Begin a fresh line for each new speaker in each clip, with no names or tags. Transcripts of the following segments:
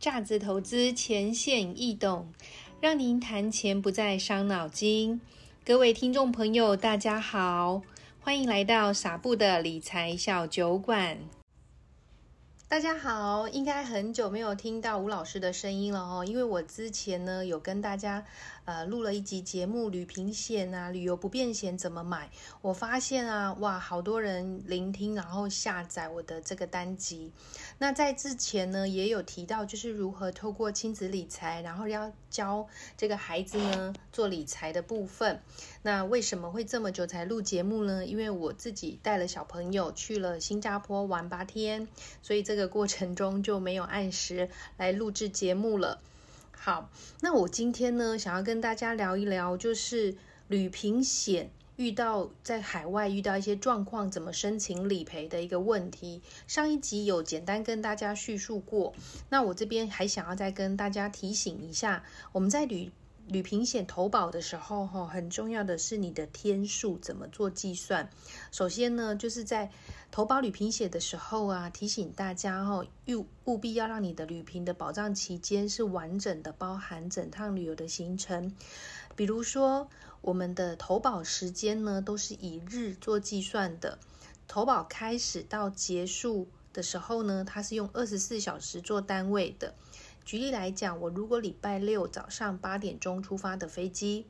價值投資，淺顯易懂，讓您談錢不再傷腦筋。各位聽眾朋友，大家好，歡迎來到撒布的理財小酒館。大家好，應該很久沒有聽到吳老師的聲音了哦。因為我之前呢有跟大家呃錄了一集節目《旅平險》啊，旅遊不便險怎麼買？我發現啊，哇，好多人聆聽，然後下載我的這個單集。那在之前呢也有提到，就是如何透過親子理財，然後要教這個孩子呢做理財的部分。那為什麼會這麼久才錄節目呢？因為我自己帶了小朋友去了新加坡玩八天，所以這個。這個過程中就沒有按時來錄製節目了。好，那我今天呢，想要跟大家聊一聊，就是旅平險遇到，在海外遇到一些狀況，怎麼申請理賠的一個問題。上一集有簡單跟大家敘述過，那我這邊還想要再跟大家提醒一下，我們在旅旅平險投保的時候，哈，很重要的是你的天數怎麼做計算。首先呢，就是在投保旅平險的時候啊，提醒大家哈、哦，又務必要讓你的旅平的保障期間是完整的，包含整趟旅遊的行程。比如說，我們的投保時間呢，都是以日做計算的，投保開始到結束的時候呢，它是用二十四小時做單位的。舉例來講，我如果禮拜六早上八點鐘出發的飛機，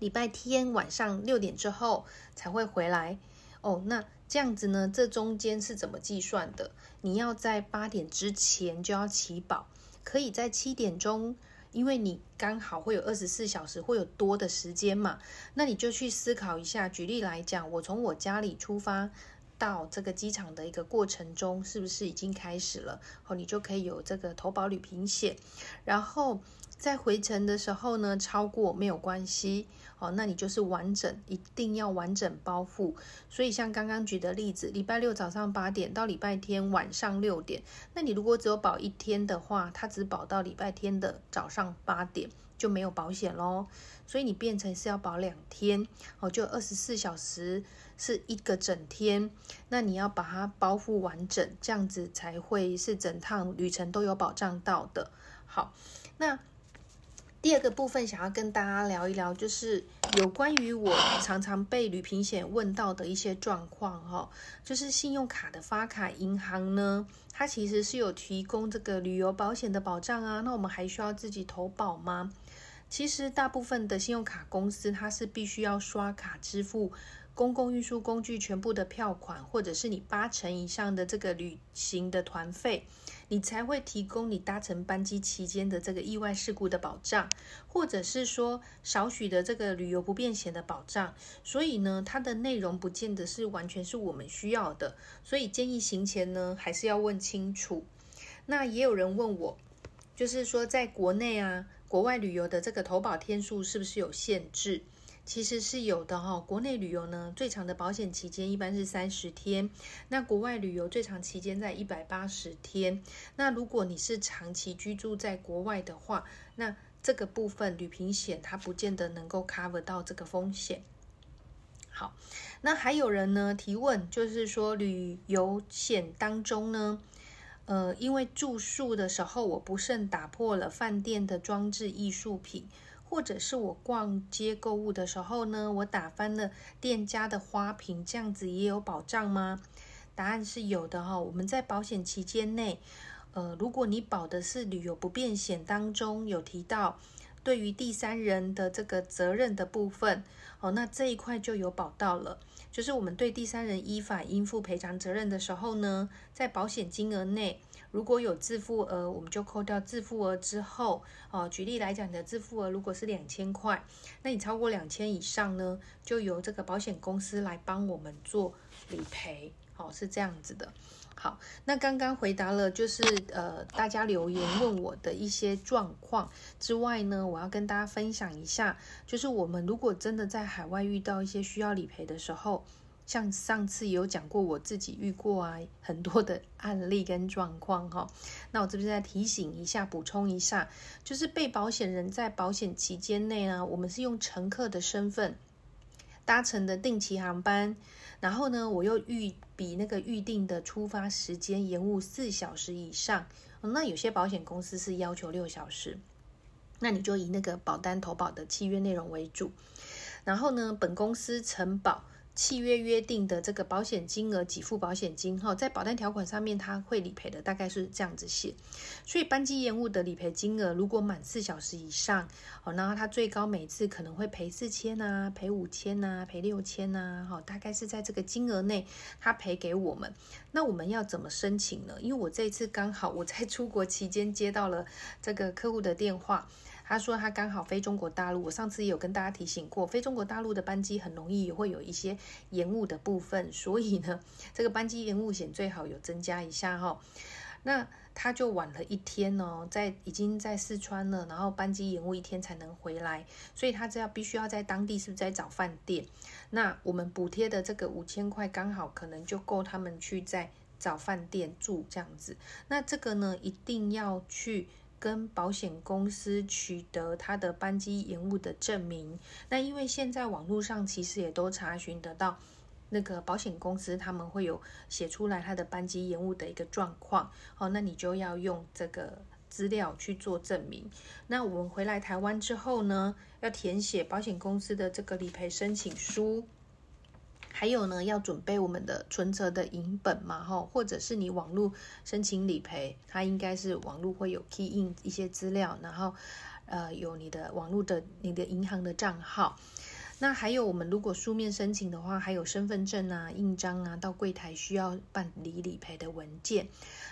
禮拜天晚上六點之後才會回來哦。那這樣子呢？這中間是怎麼計算的？你要在八點之前就要起保，可以在七點鐘，因為你剛好會有二十四小時，會有多的時間嘛。那你就去思考一下。舉例來講，我從我家裡出發。到這個機場的一個過程中，是不是已經開始了？好，你就可以有這個投保旅平險，然後在回程的時候呢，超過沒有關係。好，那你就是完整，一定要完整包覆。所以像剛剛舉的例子，禮拜六早上八點到禮拜天晚上六點，那你如果只有保一天的話，它只保到禮拜天的早上八點，就沒有保險咯。所以你變成是要保兩天，哦，就二十四小時是一個整天，那你要把它包覆完整，這樣子才會是整趟旅程都有保障到的。好，那。第二個部分想要跟大家聊一聊，就是有關於我常常被旅平險問到的一些狀況哈、哦，就是信用卡的發卡銀行呢，它其實是有提供這個旅遊保險的保障啊，那我們還需要自己投保嗎？其實大部分的信用卡公司它是必須要刷卡支付公共運輸工具全部的票款，或者是你八成以上的這個旅行的團費。你才會提供你搭乘班機期間的這個意外事故的保障，或者是說少許的這個旅遊不便險的保障。所以呢，它的內容不見得是完全是我們需要的。所以建議行前呢，還是要問清楚。那也有人問我，就是說在國內啊、國外旅遊的這個投保天數是不是有限制？其實是有的哈、哦，國內旅遊呢，最長的保險期間一般是三十天，那國外旅遊最長期間在一百八十天。那如果你是長期居住在國外的話，那這個部分旅平險它不見得能夠 cover 到這個風險。好，那還有人呢提問，就是說旅遊險當中呢，呃，因為住宿的時候我不慎打破了飯店的裝置藝術品。或者是我逛街購物的時候呢，我打翻了店家的花瓶，這樣子也有保障嗎？答案是有的哈、哦。我們在保險期間內，呃，如果你保的是旅遊不便險當中有提到，對於第三人的這個責任的部分，哦，那這一塊就有保到了。就是我們對第三人依法應負賠償責任的時候呢，在保險金額內，如果有自付額，我們就扣掉自付額之後，哦、啊，舉例來講，你的自付額如果是兩千塊，那你超過兩千以上呢，就由這個保險公司來幫我們做理賠，哦、啊，是這樣子的。好，那剛剛回答了，就是呃，大家留言問我的一些狀況之外呢，我要跟大家分享一下，就是我們如果真的在海外遇到一些需要理賠的時候。像上次有講過，我自己遇過啊，很多的案例跟狀況哈、哦。那我這邊再提醒一下，補充一下，就是被保險人在保險期間內呢，我們是用乘客的身份搭乘的定期航班，然後呢，我又預比那個預定的出發時間延誤四小時以上，那有些保險公司是要求六小時，那你就以那個保單投保的契約內容為主，然後呢，本公司承保，契約約定的這個保險金額，給付保險金，在保單條款上面它會理賠的，大概是這樣子寫。所以班機延誤的理賠金額如果滿四小時以上，哦，然後它最高每次可能會賠四千吶，賠五千吶，賠六千吶，哈，大概是在這個金額內它賠給我們。那我們要怎麼申請呢？因為我這一次剛好我在出國期間接到了這個客戶的電話。他說他剛好飛中國大陸，我上次也有跟大家提醒過，飛中國大陸的班機很容易也會有一些延誤的部分，所以呢，這個班機延誤險最好有增加一下哈、哦。那他就晚了一天哦，在已經在四川了，然後班機延誤一天才能回來，所以他這要必須要在當地是不是在找飯店？那我們補貼的這個五千塊剛好可能就夠他們去在找飯店住這樣子。那這個呢，一定要去。跟保險公司取得他的班機延誤的證明。那因為現在網絡上其實也都查詢得到，那個保險公司他們會有寫出來他的班機延誤的一個狀況。哦，那你就要用這個資料去做證明。那我們回來台灣之後呢，要填寫保險公司的這個理賠申請書。還有呢，要準備我們的存折的影本嘛，哈，或者是你網絡申請理賠，它應該是網絡會有 key in 一些資料，然後，呃，有你的網絡的你的銀行的賬號。那還有，我們如果書面申請的話，還有身份證啊、印章啊，到櫃檯需要辦理理賠的文件。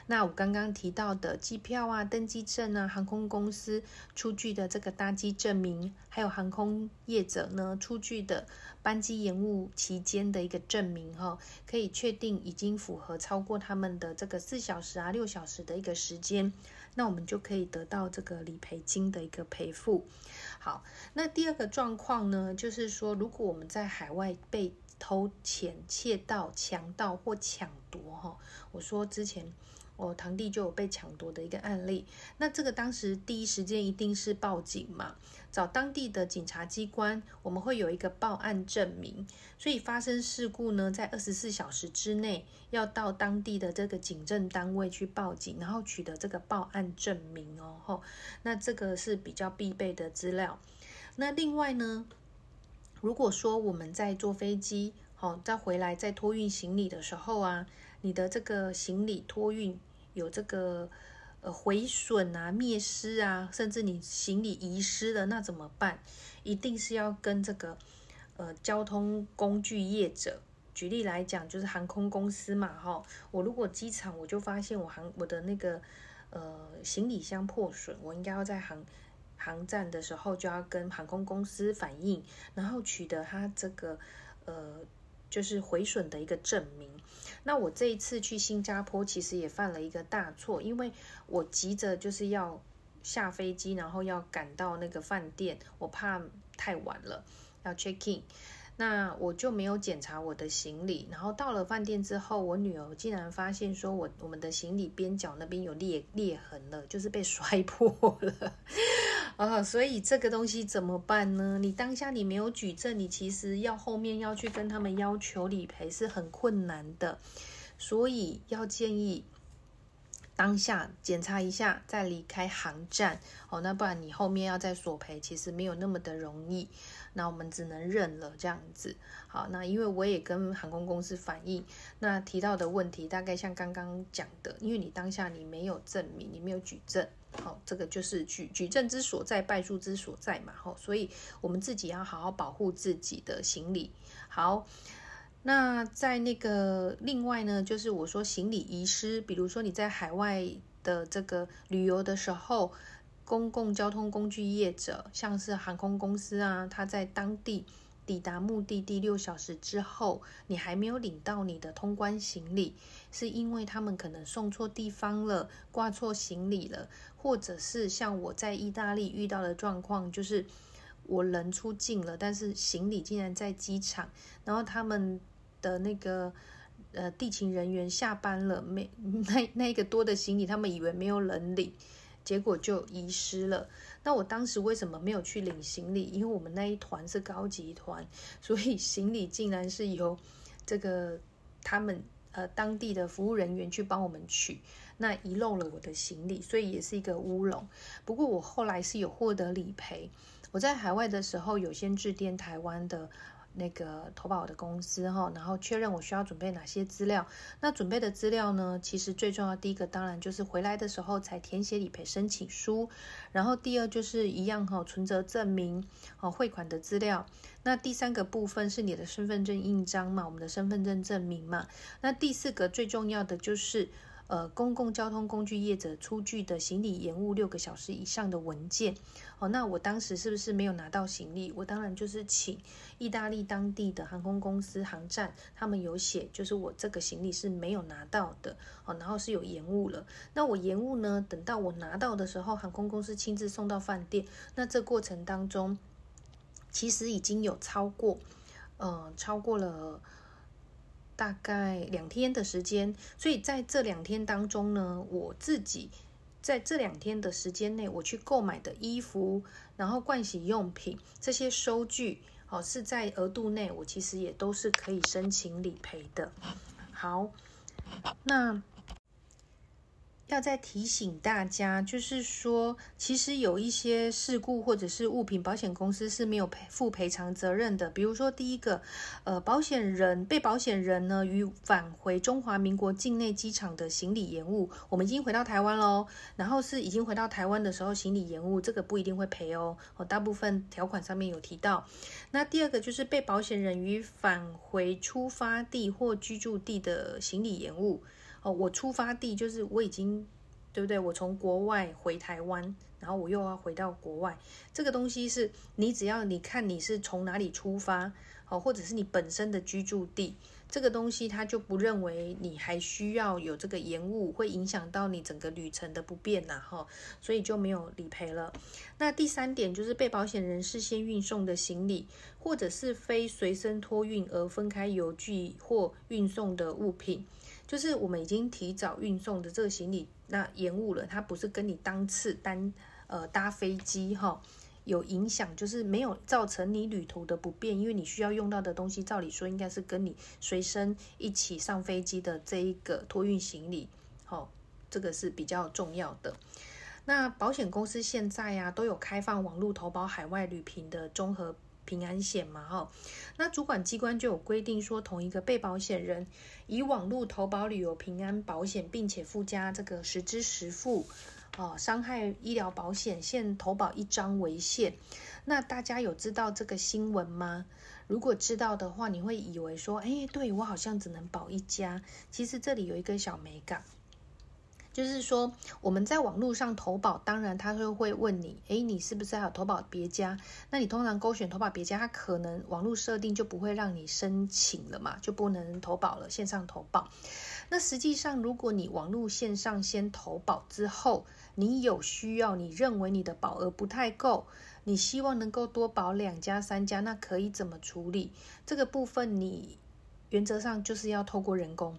那我剛剛提到的機票啊、登機證啊、航空公司出具的這個搭機證明，還有航空業者呢出具的班機延誤期間的一個證明，哦，哈，可以確定已經符合超過他們的這個四小時啊、六小時的一個時間，那我們就可以得到這個理賠金的一個賠付。好，那第二個狀況呢，就是說，如果我們在海外被偷錢、竊盜、強盜或搶奪，哈，我說之前。我、哦、堂弟就有被搶奪的一個案例，那這個當時第一時間一定是報警嘛，找當地的警察機關，我們會有一個報案證明。所以發生事故呢，在二十四小時之內要到當地的這個警政單位去報警，然後取得這個報案證明哦。吼、哦，那這個是比較必備的資料。那另外呢，如果說我們在坐飛機，哦，再回來再托運行李的時候啊，你的這個行李托運有這個呃毀損啊、滅失啊，甚至你行李遺失了，那怎麼辦？一定是要跟這個呃交通工具業者，舉例來講就是航空公司嘛，哈、哦，我如果機場我就發現我航我的那個呃行李箱破損，我應該要在航航站的時候就要跟航空公司反映，然後取得他這個呃。就是毀損的一個證明。那我這一次去新加坡，其實也犯了一個大錯，因為我急着就是要下飛機，然後要趕到那個飯店，我怕太晚了要 check in，那我就沒有檢查我的行李。然後到了飯店之後，我女兒竟然發現說我我們的行李邊角那邊有裂裂痕了，就是被摔破了。 哦，所以這個東西怎麼辦呢？你當下你沒有舉證，你其實要後面要去跟他們要求理賠是很困難的，所以要建議當下檢查一下，再離開航站哦。那不然你後面要再索賠，其實沒有那麼的容易。那我們只能認了這樣子。好，那因為我也跟航空公司反映，那提到的問題大概像剛剛講的，因為你當下你沒有證明，你沒有舉證。好，這個就是舉舉證之所在，敗訴之所在嘛。吼，所以我們自己要好好保護自己的行李。好，那在那個另外呢，就是我說行李遺失，比如說你在海外的這個旅遊的時候，公共交通工具業者，像是航空公司啊，他在當地。抵達目的地六小時之後，你還沒有領到你的通關行李，是因為他們可能送錯地方了，掛錯行李了，或者是像我在意大利遇到的狀況，就是我人出境了，但是行李竟然在機場，然後他們的那個呃地勤人員下班了，沒那那一個多的行李，他們以為沒有人領，結果就遺失了。那我當時為什麼沒有去領行李？因為我們那一團是高級團，所以行李竟然是由這個他們呃當地的服務人員去幫我們取。那遺漏了我的行李，所以也是一個烏龍。不過我後來是有獲得理賠，我在海外的時候有先致電台灣的。那個投保的公司哈，然後確認我需要準備哪些資料。那準備的資料呢？其實最重要，第一個當然就是回來的時候才填寫理賠申請書，然後第二就是一樣哈，存折證明匯款的資料。那第三個部分是你的身份證印章嘛，我們的身份證證明嘛。那第四個最重要的就是。呃，公共交通工具業者出具的行李延誤六個小時以上的文件，哦，那我當時是不是沒有拿到行李？我當然就是請意大利當地的航空公司、航站，他們有寫，就是我這個行李是沒有拿到的，哦，然後是有延誤了。那我延誤呢？等到我拿到的時候，航空公司親自送到飯店，那這過程當中，其實已經有超過，嗯、呃，超過了。大概兩天的時間，所以在這兩天當中呢，我自己在這兩天的時間內，我去購買的衣服，然後盥洗用品、這些收據，哦，是在額度內，我其實也都是可以申請理賠的。好，那。要再提醒大家，就是說，其實有一些事故或者是物品，保險公司是沒有負賠償責任的。比如說，第一個，呃，保險人被保險人呢，於返回中華民國境內機場的行李延誤，我們已經回到台灣嘍。然後是已經回到台灣的時候，行李延誤，這個不一定會賠哦。我、哦、大部分條款上面有提到。那第二個就是被保險人於返回出發地或居住地的行李延誤。哦，我出發地就是我已經，對不對？我從國外回台灣，然後我又要回到國外，這個東西是你只要你看你是從哪裡出發，哦，或者是你本身的居住地，這個東西它就不認為你還需要有這個延誤，會影響到你整個旅程的不便吶哈，哦，所以就沒有理賠了。那第三點就是被保險人事先運送的行李，或者是非隨身托運而分開郵寄或運送的物品。就是我們已經提早運送的這個行李，那延誤了，它不是跟你當次單呃搭飛機哈、哦、有影響，就是沒有造成你旅途的不便，因為你需要用到的東西，照理說應該是跟你隨身一起上飛機的這一個托運行李，好、哦，這個是比較重要的。那保險公司現在啊都有開放網絡投保海外旅平的綜合。平安險嘛，哈，那主管機關就有規定說，同一個被保險人以網路投保旅遊平安保險，並且附加這個實支實付哦，傷害醫療保險，限投保一張為限。那大家有知道這個新聞嗎？如果知道的話，你會以為說，哎，對，我好像只能保一家。其實這裡有一個小美感。就是說，我們在網絡上投保，當然他就會問你，誒，你是不是還有投保別家？那你通常勾選投保別家，他可能網絡設定就不會讓你申請了嘛，就不能投保了。線上投保，那實際上如果你網絡線上先投保之後，你有需要，你認為你的保額不太夠，你希望能夠多保兩家三家，那可以怎麼處理？這個部分你原則上就是要透過人工。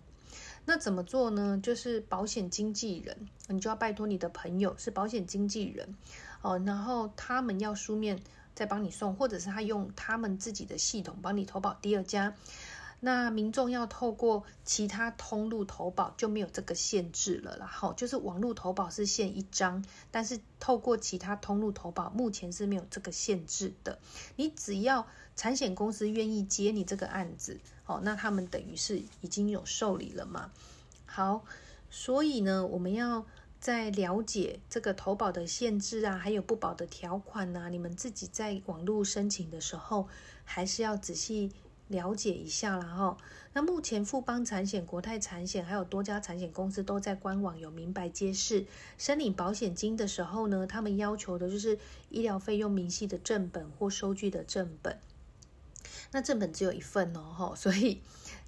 那怎麼做呢？就是保險經紀人，你就要拜托你的朋友是保險經紀人哦，然後他們要書面再幫你送，或者是他用他們自己的系統幫你投保第二家。那民眾要透過其他通路投保就沒有這個限制了啦。好，就是網路投保是限一張，但是透過其他通路投保目前是沒有這個限制的。你只要產險公司願意接你這個案子。哦，那他們等於是已經有受理了嘛？好，所以呢，我們要再了解這個投保的限制啊，還有不保的條款吶、啊，你們自己在網絡申請的時候，還是要仔細了解一下啦哈、哦。那目前富邦產險、國泰產險還有多家產險公司都在官網有明白揭示，申領保險金的時候呢，他們要求的就是醫療費用明細的正本或收據的正本。那正本只有一份哦，所以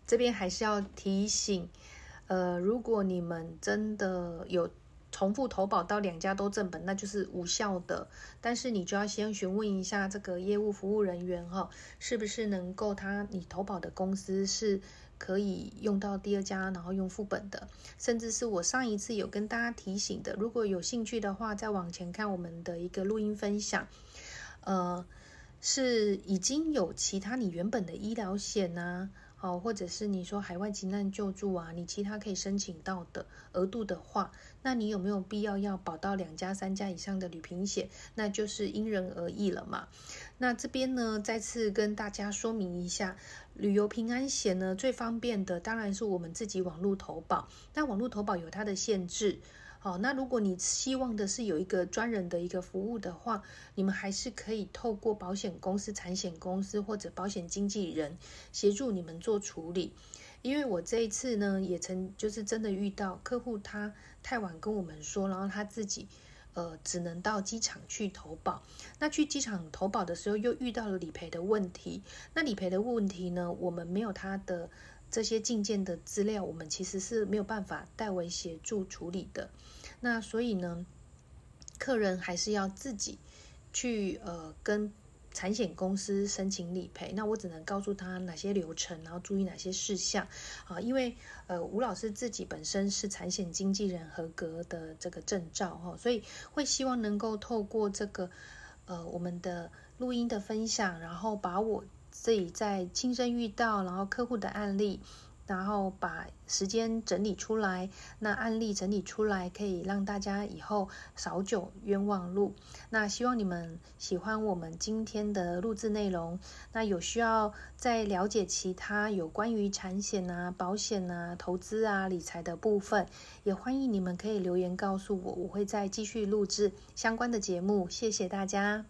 這邊還是要提醒，呃，如果你們真的有重複投保到兩家都正本，那就是無效的。但是你就要先詢問一下這個業務服務人員，哈，是不是能夠他你投保的公司是可以用到第二家，然後用副本的，甚至是我上一次有跟大家提醒的，如果有興趣的話，再往前看我們的一個錄音分享，呃。是已經有其他你原本的醫療險吶，好，或者是你說海外急難救助啊，你其他可以申請到的額度的話，那你有沒有必要要保到兩家、三家以上的旅平險？那就是因人而異了嘛。那這邊呢，再次跟大家說明一下，旅遊平安險呢，最方便的當然是我們自己網路投保。那網路投保有它的限制。好，那如果你希望的是有一個專人的一個服務的話，你們還是可以透過保險公司、產險公司或者保險經紀人協助你們做處理。因為我這一次呢，也曾就是真的遇到客戶，他太晚跟我們說，然後他自己呃只能到機場去投保。那去機場投保的時候，又遇到了理賠的問題。那理賠的問題呢，我們沒有他的。這些進件的資料，我們其實是沒有辦法代為協助處理的。那所以呢，客人還是要自己去呃跟產險公司申請理賠。那我只能告訴他哪些流程，然後注意哪些事項啊。因為呃吳老師自己本身是產險經紀人合格的這個證照哈、哦，所以會希望能夠透過這個呃我們的錄音的分享，然後把我。自己在親身遇到，然後客戶的案例，然後把時間整理出來，那案例整理出來，可以讓大家以後少走冤枉路。那希望你們喜歡我們今天的錄製內容。那有需要再了解其他有關於產險啊、保險啊、投資啊、理財的部分，也歡迎你們可以留言告訴我，我會再繼續錄製相關的節目。謝謝大家。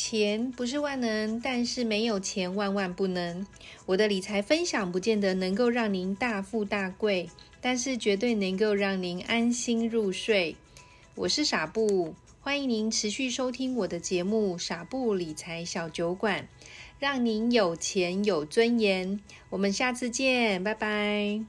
錢不是萬能，但是沒有錢萬萬不能。我的理財分享不見得能夠讓您大富大貴，但是絕對能夠讓您安心入睡。我是傻布，歡迎您持續收聽我的節目《傻布理財小酒館》，讓您有錢有尊嚴。我們下次見，拜拜。